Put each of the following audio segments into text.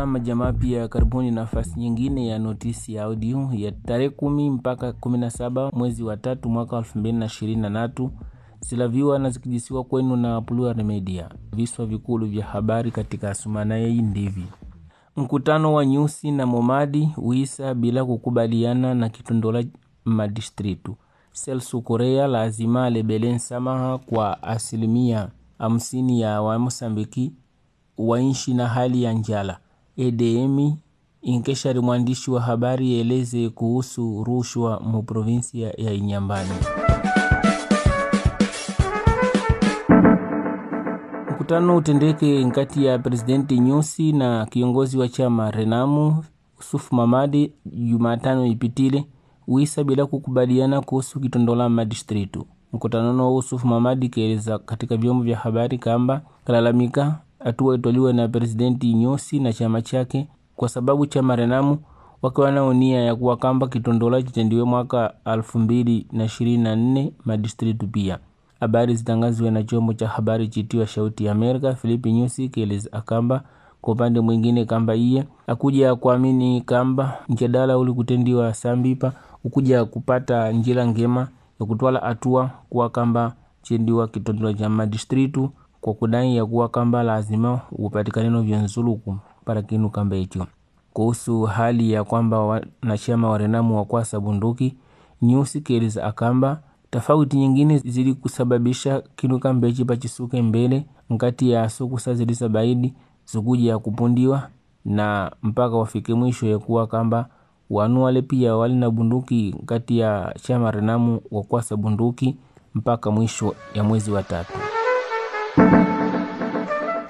salama jamaa pia karibuni nafasi nyingine ya notisi ya audio ya tarehe kumi mpaka kumi na saba mwezi wa tatu mwaka elfu mbili na ishirini na tatu zilaviwa na zikijisiwa kwenu na Plural Media. Viswa vikulu vya habari katika sumanaye hii ndivi: mkutano wa Nyusi na Momadi uisa bila kukubaliana na kitundola madistritu. Selsu Korea lazima alebele nsamaha kwa asilimia hamsini ya Wamosambiki waishi na hali ya njala. EDM inkeshari mwandishi wa habari eleze kuhusu rushwa mu provinsia ya Inyambani. Mkutano utendeke nkati ya Presidenti Nyusi na kiongozi wa chama Renamu Yusuf Mamadi Jumatano ipitile wisa bila kukubaliana kuhusu kitondola madistritu. Mkutano na Yusuf Mamadi kaeleza katika vyombo vya habari kamba kalalamika hatua itoliwa na Presidenti Nyosi na chama chake kwa sababu chama Renamu wakiwa na nia ya kuwakamba kitondola chitendiwe mwaka 2024 madistritu pia. Habari zitangazwe na chombo cha habari chitiwa Shauti ya Amerika. Philip Nyusi kieleza akamba kwa upande mwingine kamba iye akuja kuamini kamba mjadala uli kutendiwa sambipa ukuja kupata njira ngema ya kutwala hatua kuwa kamba chendiwa kitondola cha madistritu kwa kudai ya kuwa kamba lazima upatikane na vyanzuluku para kinu kamba hicho. Kuhusu hali ya kwamba wanachama wa wa wakwasa bunduki nyusi akamba tofauti nyingine zili kusababisha kinu kamba hicho pachisuke mbele nkati ya sukusa zilisabaidi sukuja ya kupundiwa na mpaka wafike mwisho ya kuwa kamba wanu wale pia wali na bunduki kati ya chama Renamu kwasa bunduki mpaka mwisho ya mwezi wa tatu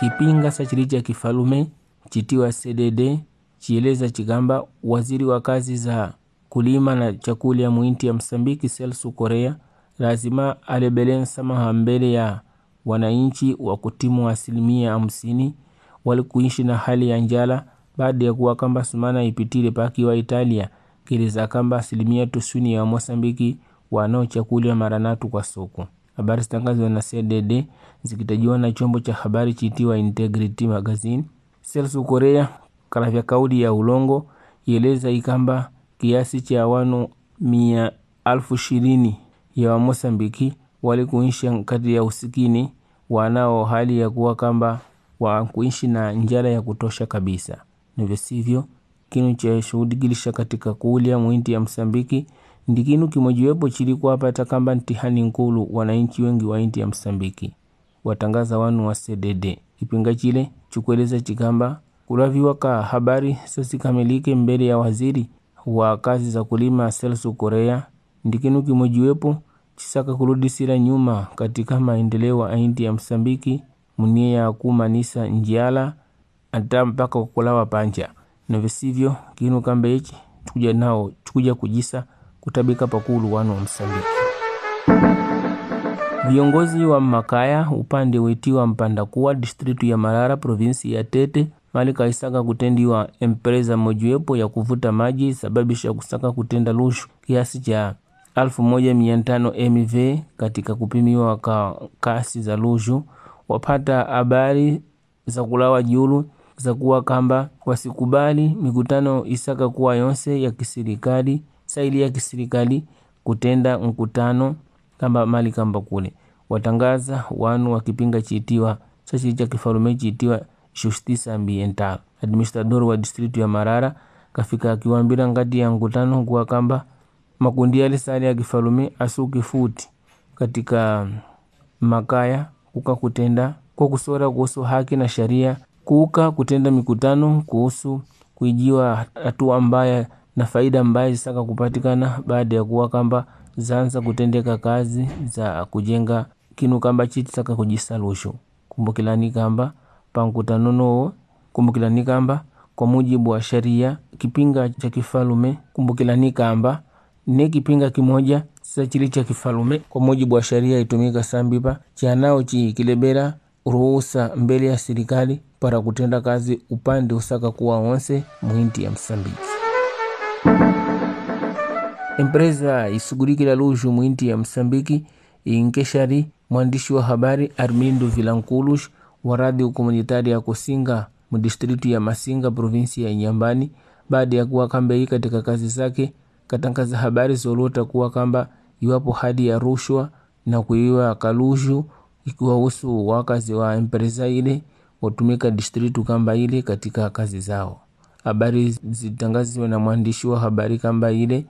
kipinga chili cha kifalume chitiwa CDD chieleza chigamba waziri wa kazi za kulima na chakulya muinti ya Msambiki Celso korea lazima alebele nsamaha mbele ya wananchi wa kutimu asilimia hamsini walikuishi na hali ya njala baada ya kuwa kamba sumana ipitile wa Italia kiliza kamba asilimia tusuni ya Mosambiki wanao chakulya maranatu kwa soko habari zitangazwa na CDD zikitajiwa na chombo cha habari chitiwa Integrity Magazine. Celso Korea kalavya kauli ya ulongo ieleza ikamba kiasi cha wanu mia alfu ishirini ya Wamosambiki kuishi kati ya usikini wanao hali ya kuwa kamba kuishi na njala ya kutosha kabisa, nivyo sivyo kinu cha shuhudigilisha katika kuulia mwinti ya Msambiki Ndi kimojiwepo kuwapata kamba ntihani nkulu wananchi wengi wa inti ya Msambiki watangaza wanu wa cdd kipinga chile chukweleza chikamba kulaviwa ka habari sasikamilike mbele ya waziri wa kazi za kulima Celso Korea ndikinu kimojiwepo chisaka kurudisira nyuma katika maendeleo a inti ya Msambiki munie ya kumanisa njiala ata mpaka kukulawa panja na visivyo kinu kamba ichi tukuja nao tukuja kujisa kutabika pakulu wanu wa Msambiki. Viongozi wa Makaya upande wetiwa Mpandakuwa distritu ya Marara provinsi ya Tete mali kaisaka kutendiwa empresa mojiwepo ya kuvuta maji sababisha kusaka kutenda lushu kiasi cha 1500 MV katika kupimiwa ka kasi za lushu wapata habari za kulawa julu za kuwa kamba wasikubali mikutano isaka kuwa yonse ya kisirikali ya kiserikali kutenda mkutano kama mali kamba kule watangaza wanu wakipinga chitiwa sasa cha kifalume chiitiwa shustisambie nta administrator wa district ya marara kafika akiwambira ngati ya mkutano kwa kamba makundi yale sali ya kifalume asukifuti katika makaya kuka kutenda kwa kusora kuhusu haki na sharia kuka kutenda mikutano kuhusu kuijiwa hatua mbaya na faida mbaya zisaka kupatikana baada ya kuwa kamba zanza kutendeka kazi za kujenga kinu kamba chiti saka kujisalushu kumbukilani kamba pankutanonowo kumbukilani kamba kwa mujibu wa sheria kipinga cha kifalume kumbukilani kamba ni kipinga kimoja sa chili cha kifalume kwa mujibu wa sheria itumika sambipa chanao chi kilebera ruhusa mbele ya serikali para kutenda kazi upande usaka kuwa onse muinti ya Msambiki. Empresa isughulikila luxu muinti ya Msambiki iinkexari mwandishi wa habari Armindo Vilanculos wa radio komunitária ya Kosinga mudistritu ya Masinga provinsi ya nyambani baada ya kuwa kamba hii katika kazi zake katangaza habari zolota kuwa kamba iwapo hadi ya rushwa na kuiwa kalushu ikiwahusu wakazi wa empresa ile watumika distritu kamba ile katika kazi zao. Habari zitangaziwe na mwandishi wa habari kamba ile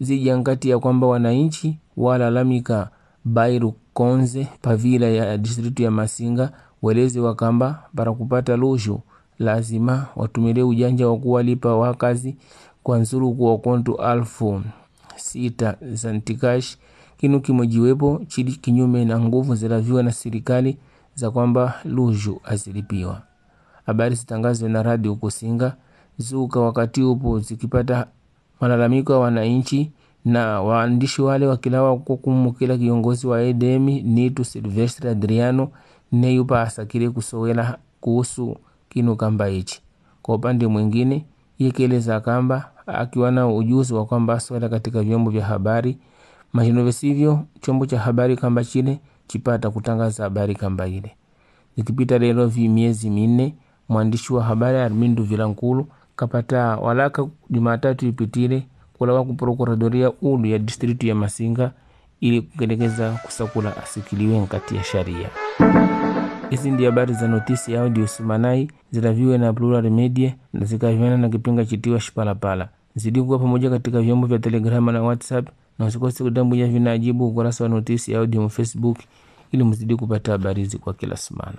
zijangati ya kwamba wananchi walalamika bairu konze pavila ya distritu ya Masinga weleze wakamba para kupata lushu lazima watumile ujanja wa kuwalipa wakazi kwa nzuru kuwa kontu alfu sita zantikash kinu kimojiwepo chili kinyume na nguvu zilaviwa na serikali za kwamba lushu azilipiwa. Habari zitangazwe na radio Kusinga zuka wakati upo zikipata malalamiko ya wananchi na waandishi wale wakilawa kukumukila kiongozi wa edemi nitu silvestre adriano neyupa asakile kusowela kuhusu kinu kamba ichi kwa upande mwingine yekeleza kamba akiwa na ujuzi wa kwamba swala katika vyombo vya habari mashinovesivyo chombo cha habari kamba chile chipata kutangaza habari kamba ile Nikipita lelo vi miezi minne mwandishi wa habari armindu vilankulu kapata walaka jumatatu ipitile kulawa ku procuradoria ulu ya distritu ya masinga ili kukelekeza kusakula asikiliwe nkati ya sharia hizi ndi habari za notisi ya audio sumanai zilaviwe na plural media na zikaviana na kipinga chitiwa shipalapala zidi kuwa pamoja katika vyombo vya telegrama na whatsapp na usikose kutambuja vinaajibu ukurasa wa notisi ya audio mu facebook ili mzidi kupata habari hizi kwa kila sumana